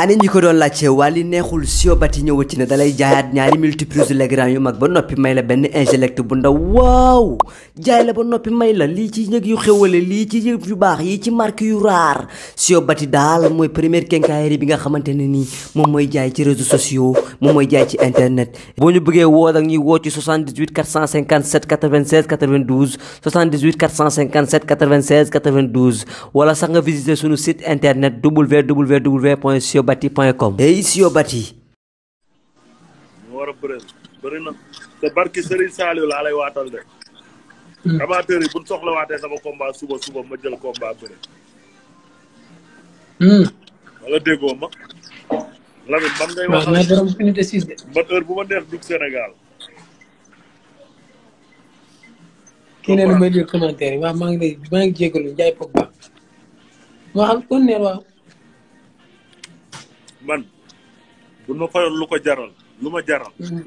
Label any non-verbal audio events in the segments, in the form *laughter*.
ani ñi ko doon laajte wàlli neexul siobati ñëwati na dalay jaayaat ñaari multiprise Legrand mag ba noppi may la benn ingelect bu ndaw waaw jaay la ba noppi may la lii ci ñëg yu xewale lii ci yëf yu baax yi ci marque yu raar siobati daal mooy première quincaillerie bi nga xamante ne nii moom mooy jaay ci réseaux sociaux moom mooy jaay ci internet boo ñu bëggee woo ak ñuy woo ci 78 457 96 92 78 457 96 92 wala sax nga bati point com. hey Sio Bati. war a bëri bëri na te barki Serigne Saliou laa lay waatal de. Hmm. amateurs yi bu ñu soxla waatee sama combat suba suba ma jël combat bëri. wala hmm. déggoo ma. Lamine man ngay wax man borom bu ma neex dugg Sénégal. kii ne may jël commentaire yi maa ngi lay maa ngi jégalu Ndiaye Pogba. waxal kon ne waaw. man bu ma fayoon lu ko jaral lu ma jaral. Mm-hmm.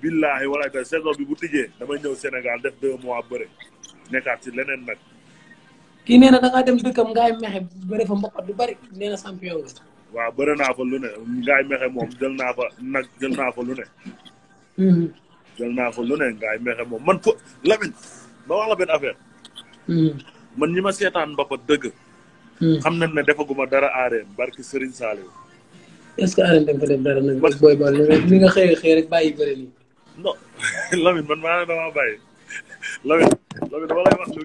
billaahi walaay ta saison bi bu tijjee damay ñëw Sénégal def deux mois bëre nekkaat ci leneen nag. kii nee na da ngaa dem dëkkam ngaay mexe bëre fa mboqat du bari nee na champion la. waaw naa fa lu ne ngaay mexe moom jël naa fa nag jël naa fa lu ne. Mm-hmm. jël lu ne ngaay mexe moom man fo Lamine ma wax la benn mm-hmm. man ñi ma seetaan mbapat dëgg. Hmm. xam nañ ne defaguma dara aareen barki Serigne Saliou. est-ce que aareen da nga fa def dara nag. booy bool li nga xëy xëy rek bàyyi bëri nii. non *laughs* Lamine man maa ne damaa bàyyi Lamine Lamine dama lay eh, eh.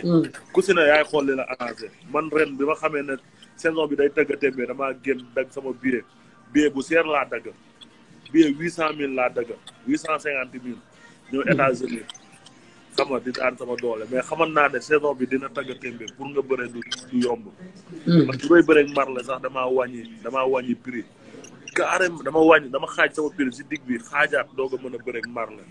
hmm. yaay xool la arrangé man ren bi ma xamee ne saison bi day tëgg tembe damaa génn dagg sama billet billet bu seer laa dagg billet huit cent mille laa dagg huit cent cinquante mille. ñëw États-Unis xam nga di daan sama doole mais xamal naa ne saison bi dina tagga témbe pour nga bëre du du yomb man hmm. su may bëreeg marle sax damaa wàññi damaa wàññi prix carrément dama wàññi dama xaaj sama prix si digg bi xaajaat doog a mën a bëreeg marle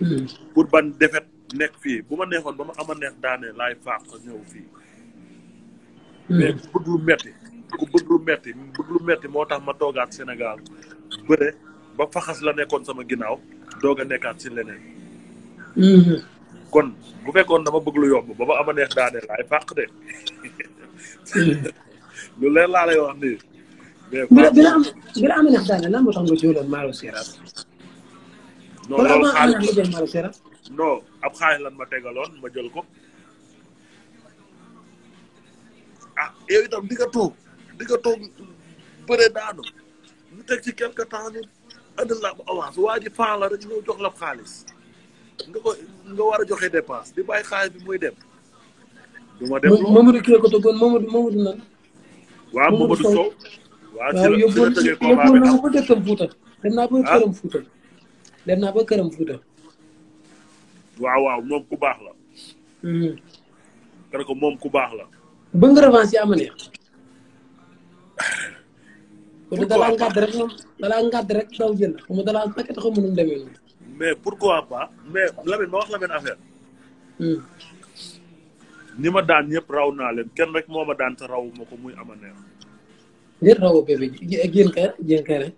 hmm. pour ba defet nekk fii bu ma neexoon ba ma ama neex daanee laay faax ñëw fii hmm. mais ku bëgg lu metti ku bëgg lu metti moo tax ma toogaat Sénégal bëre ba faxas la nekkoon sama ginnaaw doog a nekkaat si leneen. Mm-hmm. kon bu fekkoon dama bëgg lu yomb ba ma am a neex daaneel ay fàq de. *laughs* lu leer laa lay wax nii. mais bi la am bi la am a neex daaneel lan moo tax nga jëloon Malo Sera. non ab xaalis lan ma tegaloon ma jël ko. ah yow itam di toog di toog bëre daanu ñu teg ci quelque temps andil la bu avance waa ji faa la rek ñëw jox la xaalis nga nga war a joxe dépense di bàyyi xaalis bi muy dem. du ma dem loolu Mamadou kii ko tëggoon Mamadou Mamadou nan. waaw Mamadou Sow waaw ci la ci la na ba dëkkam Fuuta. dem naa ba këram Fuuta. dem naa ba këram Fuuta. waaw waaw moom ku baax la. parce que moom ku baax la. ba nga revanche yi mu dalaa ngàdd rek moom dalaa ngàdd rek daw jël mu dalaa paquet mais pourquoi pas mais Lamine ma wax Lamine affaire hmm. ni ma daan ñëpp raw naa leen kenn rek moo ma daan te raw ma ko muy ama neex ngeen raw bébé Diène Kaïré Diène Kaïré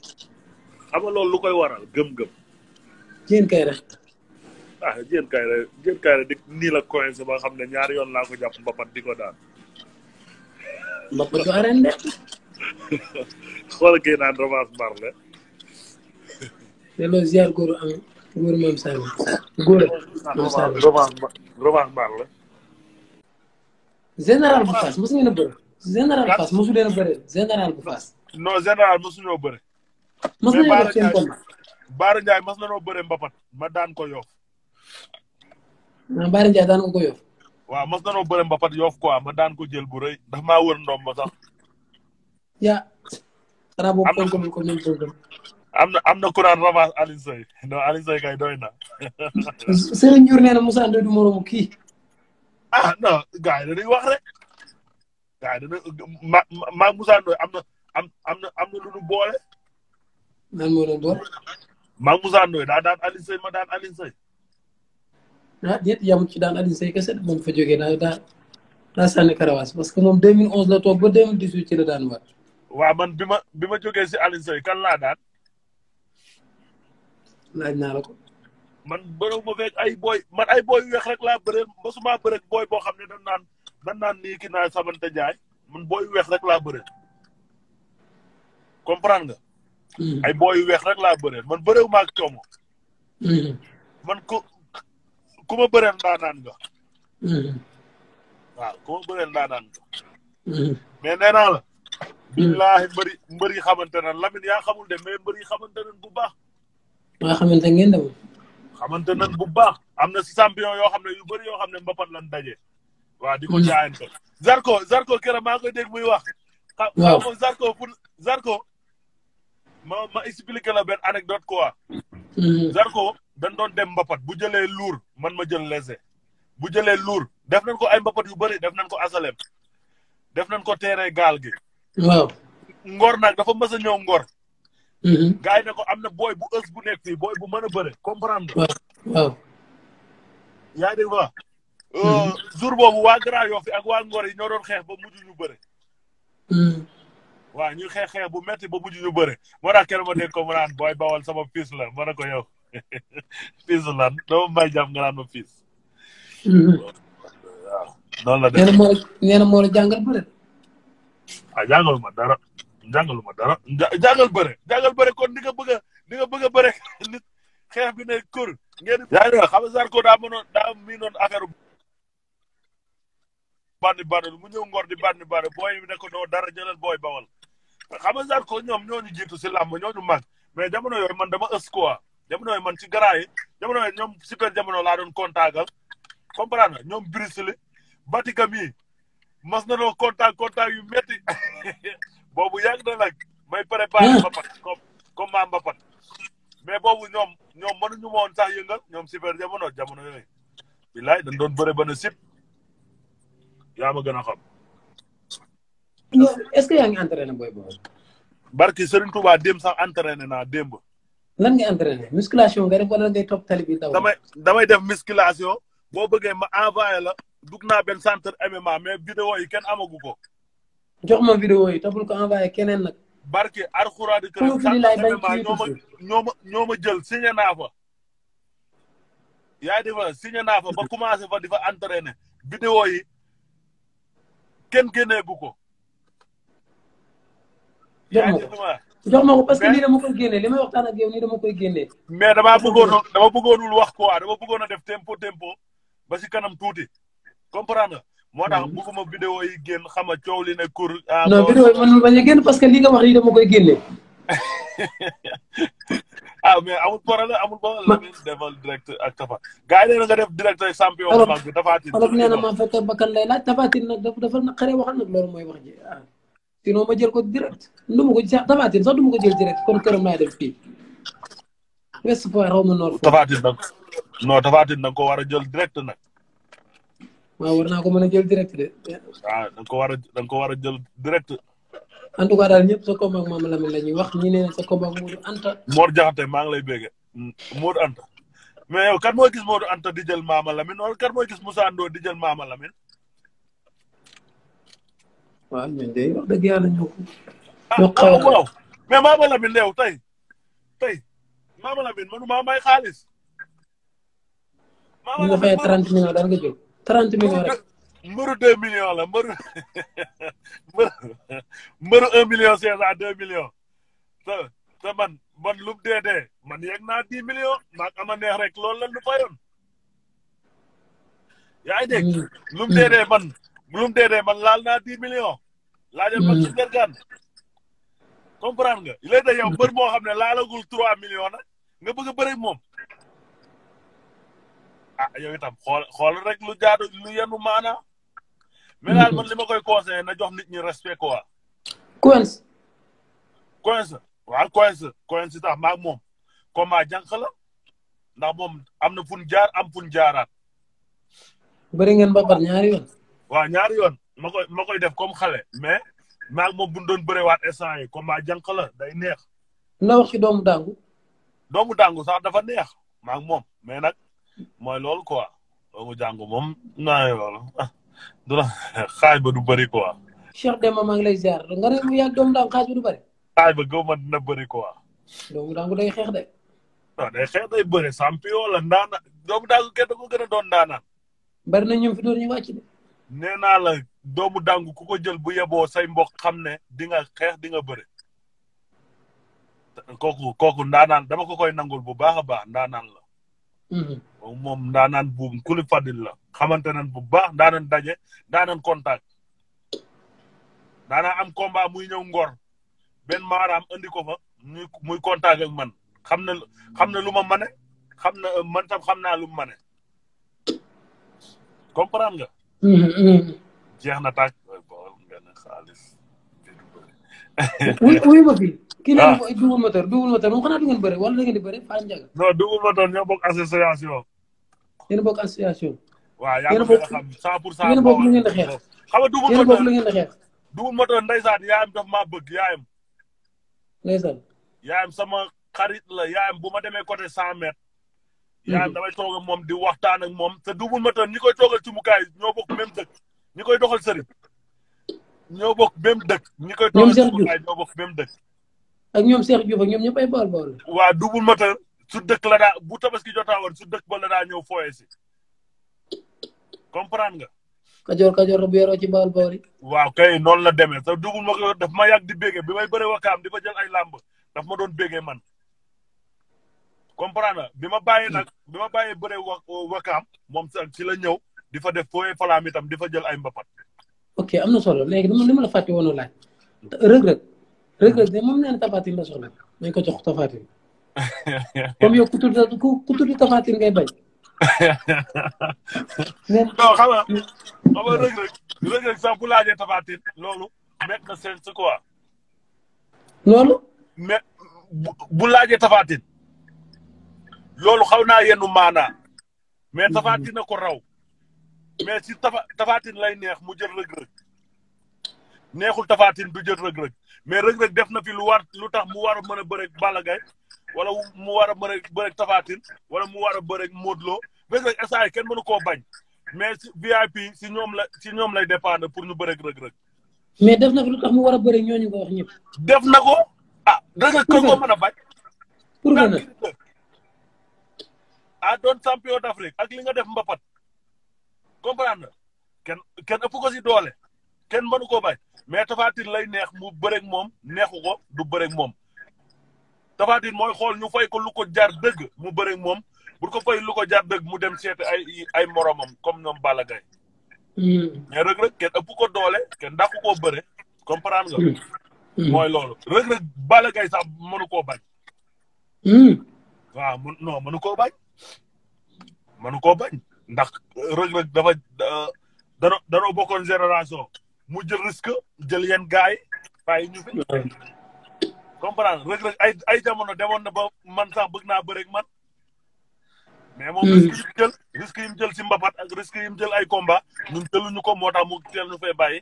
xam nga loolu lu koy waral gëm-gëm Diène Kaïré ah Diène Kaïré Diène Kaïré di nii la coincé ba xam ne ñaari yoon laa ko jàpp mbapat di ko daan mbapat du arène de xoolal kii naan romance Marley. delloo général bu Fass mosu ngeen a général bu Fass mosu leen a général bu Fass. non général mosu ñoo bëri. mosu nañoo def seen combat. Baara Ndiaye mas na noo bëre Mbapat ma daan ko yoof. ah Baara Ndiaye daan ko yoof. waaw mas na noo bëre Mbapat yoof quoi ma daan ko jël bu ndax maa wër ndoom ma ya xanaa boobu koy gëm ko nañ koy gëm. am na am na ku naan revanche Alioune Seye non Alioune Seye kay doy na. *laughs* Serigne Diour nee na Moussa Ndoye du moromu kii. ah non gars yi dañuy wax rek. gars yi dañuy ma ma Moussa Ndoye am na am am na am na lu ñu boole. nan moo leen boole. ma Moussa Ndoye daa daan Alioune Seye ma daan Alioune Seye. ah déet yamut ci daan Alioune Seye kese moom fa jógee daa daa daa sànni karawaas parce que moom 2011 la toog ba 2018 ci la daan waat. waaw man bi ma bi ma jógee si Alioune Seye kan laa daan. laaj naa la ko. man bëriw ma fekk ay booy man ay booy yu weex rek laa bëreel mosuma bëreeg booy boo xam ne dañ naan dañ naan nii ki naa Samante Ndiaye man booy weex rek laa bëreel. comprendre nga. Hmm. ay booy yu weex rek laa bëreel man bëreew ma ak coomo. Hmm. man ku ku ma bëreel ndaanaan nga. Hmm. waaw ku ma bëreel ndaanaan nga. mais nee naa la. Hmm. billaahi mbëri mbëri xamante na Lamine xamul de mais mbëri xamante nañ bu baax. waa xamante ngeen dem. xamante nañ bu baax am na champion yoo xam ne yu bari yoo xam ne mbapat lan daje. waa di ko hmm. jaayante. Zarko Zarko keroog maa ngi koy muy wax. waaw xam Zarko pour ma ma expliqué la benn anecdote quoi. Hmm. Zarko dañ doon dem mbapat bu jëlee luur man ma jël léger. bu jëlee luur def nañ ko ay mbapat yu bëri def nañ ko asalem. def nañ ko teeree gaal gi. waaw ngor nag dafa mës a ngor. Mm-hmm. gars yi ne ko am na booy bu ës bu nekk fii booy bu mën a bëre comprendre nga. waaw yaa ngi dégg fa. Mm-hmm. Euh, jour boobu waa Grand Yoff Ngor yi ñoo doon xeex ba mujj ñu mm-hmm. ñu xeex xeex bu metti ba mujj ñu bëre moo tax kenn ma dégg ko sama fils la ma ne ko yow *laughs* fils la dama may jàmm la def nee na moo la a ah, jàngalu ma dara jàngalu ma dara jàngal bëre jàngal bëre kon ni nga bëgg a ni nga bëgg a bëre *laughs* nit xeex bi ne kër ngeen yaa ngi xam nga Zarko daa mënoon daa miinoon affaire mu ñëw ngor di bandi ni booy bi ne ko doo dara jëlal booy bawal xam nga ko ñoom ñoo ñu jiitu si làmb ñoo ñu mag mais jamono yooyu man dama ës quoi jamono yooyu man ci garaa yi jamono yooyu ñoom super jamono laa doon kontaagal comprendre nga ñoom brisili batikam yi mas na noo contact contact yu métti *laughs* boobu yàgg na nag may préparé ah. mbapat comme comme maa mbapat mais boobu ñoom ñoom mënuñu woon sax yëngal ñoom super jamono jamono yooyu bilaay dañ doon bëre ba na sip yaa ma gën a est-ce que yaa ngi entraîné booy boobu barki Serigne Touba démb sax entraîné naa démb lan ngay entraîné musculation nga def wala ngay topp tali bi damay damay def musculation boo bëggee ma envoyé la dugg naa benn centre MMA mais vidéo yi ken amagu ko. jox ma vidéo yi te bul envoyé keneen nag. barke Arxura de Kër centre MMA ñoo ma ñoo ma ñoo ma jël signé naa fa. yaa ngi fa ba commencé fa di fa entraîné vidéo yi kenn génneegu ko. yaa ngi fa jox ko parce que nii dama koy génne li dama koy génne. mais dama bëggoonul wax quoi dama a def tempo tempo ba si kanam tuuti. comprendre nga. moo tax mm-hmm. bëgguma vidéo yi génn xam nga coow li ne kur. ah non vidéo yi man bañ a génn parce que li nga wax nii dama koy génne. *laughs* ah mais amul problème amul problème. ma defal direct ak Tapha. gars yi nee na nga def direct ak champion. mag bi Tapha Tine olof nee na maa fekk bakkan lay laaj Tapha Tine nag dafa naqaree waxal nag loolu mooy wax ji ah. sinon ma jël ko direct du ma ko sax Tapha Tine sax du ma ko jël direct comme këram laay def fii. west point xaw ma noor. Tapha Tine nag non Tapha Tine nag ko war a jël direct nag. waaw war ko mën a jël direct de. waaw ah, da ko war a da ko war a jël direct. en daal ñëpp sa combat ak Mama Lamine la ñuy wax ñi ne sa combat Anta. Mor Jaxate maa ngi lay bége mm, Modou Anta kan mooy gis Modou Anta di jël Mama Lamine wala kan mooy gis Moussa Ndo di jël Mama Lamine. waaw ñun de wax dëgg yàlla ah, a daal nga jël. 30 millions rek. mbëru 2 la mbëru mbëru 1 million 500 2 millions. te te man man lu man yegg naa 10 millions naag ama neex rek loolu la lu ngi dégg. Mm. lu mu dee mm. dee man lu mu dee dee man laal mm. comprendre nga léegi yow mbër moo xam ne laalagul 3 millions nag nga bëgg a bëri moom. ah yow itam xool xool rek lu jaadu lu yenu maana mais daal man li koy conseillé na jox nit ñi respect quoi. Coins. Coins waaw Coins Coins tax maag moom combat jànq la ndax moom am na fun jaar am fun jaaraat. bëri ngeen ba par ñaari yoon. waaw ñaari yoon ma koy ma def comme xale mais maag moom bu ñu doon bëreewaat instant yi combat jànq la day neex. na wax ci doomu dàngu. doomu dàngu sax dafa neex maag moom mais nag. mooy loolu quoi doogu jàngu moom naa ne loolu ah *laughs* ba du bëri quoi. Cheikh Demba maa ngi lay doomu daangu xaaj ba du bëri. xaaj ba gëw ma dina bëri quoi. doomu daangu day xeex de. waaw day xeex day bëri champion la ndaana doomu daangu kenn du ko gën naa la doomu daangu ku ko jël bu yeboo say mbokk xam ne dinga xeex di nga bëri. kooku kooku ndaanaan dama ko koy nangul bu baax a baax ndaanaan la. Mm-hmm. moom daanaan buub kuli fadil la xamante nañ bu baax daanaan daje daanaan contact daanaa am combat muy ñëw ngor benn maaraam andi fa muy muy contact man xam na lu ma mane xam na man tam xam naa lu mu mane comprendre nga. Mm-hmm. jeex na tàkk bool nga ne xaalis. wuy fi. *laughs* kii nee na ah. duubul moteur duubul moteur moom xanaa wala da ngeen di bëri Fane Ndiaga. non duubul moteur ñoo association. yéen bokk association. waaw yaa ngi ko xam 100 pour 100 yéen bokk lu ngeen di xeex. xam nga duubul moto yéen bokk lu ngeen di xeex. duubul moto ndeysaan yaayam daf maa bëgg yaayam. ndeysaan. yaayam sama xarit la yaayam bu ma demee côté 100 mètres. Mm-hmm. yaayam damay toog ak moom di waxtaan ak moom te duubul moto ñi koy toogal ci mukaay ñoo bokk même dëkk ñi koy doxal sëriñ. ñoo bokk même dëkk. ñi koy toogal ci mukaay ñoo bokk même dëkk. ak ñoom Cheikh Diouf ak ñoom ñëpp ay bool bool. waa duubul moto su dëkk la daa bu tabaski jotaa war su dëkk daa ñëw fooye si nga. kajoor kajoor bu yoroo ci bawol bawol waaw kay noonu la demee sa dugub ma daf ma yàgg di béggee bi may bëre wakaam di fa jël ay làmb daf ma doon béggee man. comprendre nga bi ma bàyyee nag bi ma bàyyee bëre wa wakaam moom ci la ñëw di fa def fooye falaam itam di fa jël ay mbapat. ok am na solo léegi dama li ma la fàtte woon laaj. rëg rëg rëg rëg de moom nee na Tapha Tine la jox Tapha Tine. *laughs* comme yow ku tudd ku tudd Tapha Tine ngay bañ. *laughs* mais non xam nga sax bu laajee Tapha Tine loolu mett na sen si quoi. loolu. mais bu bu laajee Tapha loolu xaw naa yenn maanaa. mais Tapha mm-hmm. Tine na ko raw. mais si Tapha Tapha lay neex mu jël Reug Reug neexul Tapha Tine du jël Reug Reug mais Reug Reug def na fi lu war lu tax mu war a mën a bëre Balla wala mu war a bëre bëreeg Tapha wala mu war a bëreeg Modou Lo Reug Reug instant kenn mënu koo bañ mais si VIP si ñoom la si ñoom lay dépendre pour ñu bëreeg Reug Reug. mais def na ko mu war a bëre ñooñu nga wax ñëpp. def na ko ah. Reug Reug ko mën a bañ. pour que nag ah doon champion d'Afrique ak li nga def mbapat comprendre kenn kenn ëpp ko si doole kenn mënu koo bañ mais Tapha lay neex mu bëreeg moom neexu ko du bëreeg moom. Tapha Tine mooy xool ñu fay ko lu ko jar dëgg mu bëri moom bu ko fay lu ko jar dëgg mu dem seeti ay ay moromam comme ñoom Balla Gaye hmm. mais Reug Reug kenn ko doole kenn dàqu koo bëre comprendre nga. Hmm. Hmm. mooy loolu Reug bala gay Gaye sax mënu koo bañ. waaw mën non koo bañ mënu koo bañ ndax Reug Reug dafa dano danoo bokkoon génération mu jël risque jël yenn gars yi bàyyi ñu fi. comprendre Reug Reug ay ay jamono demoon na ba man sax bëgg naa bëreeg man. mais moom hmm. risque yi mu jël risque yi mu jël si mbapat ak risque yi jël ay combat ñun jëluñu ko moo tax mu teel ñu fay bàyyi.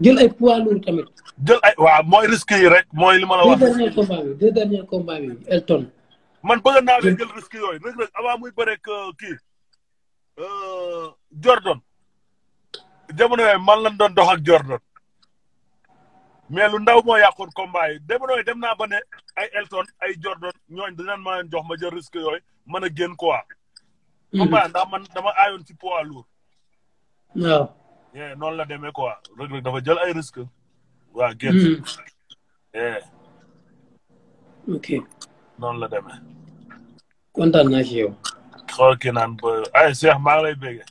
jël ay poids lourd tamit. jël ay waaw mooy risque yi rek mooy li ma la wax. deux Elton. man bëgg naa leen hmm. jël risque yooyu Reug Reug avant muy bëreeg euh, kii. Euh, Jordan. jamono yooyu man lañ doon dox ak mais lu ndaw moo yàqoon combat yi demonooy dem naa ba ne ay Elton ay Jordan ñooñ dinañ ma leen jox ma jël risque yooyu mën a génn quoi. Hmm. combat ndax man dama aayoon ci poids lourd. waaw. eh noonu la demee quoi Reug Reug dafa jël ay risque waa génn. Hmm. eh. ok. noonu la deme kontaan naa ci yow. ay Cheikh maa ngi lay bégee.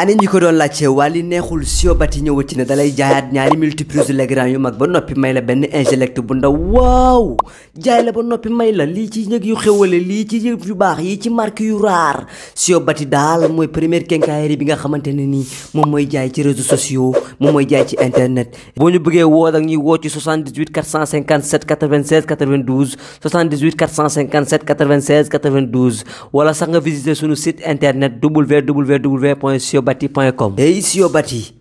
ani ñi ko doon laajte wàlli neexul siobati ñëwati na dalay jaayaat ñaari multiprise Legrand yu mag ba noppi may la benn ingelect bu ndaw waaw jaay la ba noppi may la lii ci njëg yu xewale lii ci yëf yu baax yi ci marque yu raar siobati daal mooy première quincaillerie bi nga xamante ne nii moom mooy jaay ci réseaux sociaux moom mooy jaay ci internet boo ñu bëggee woo ak ñuy woo ci 78 457 96 92 78 457 96 92 wala sax nga visiter suñu siobati point com. hey siobati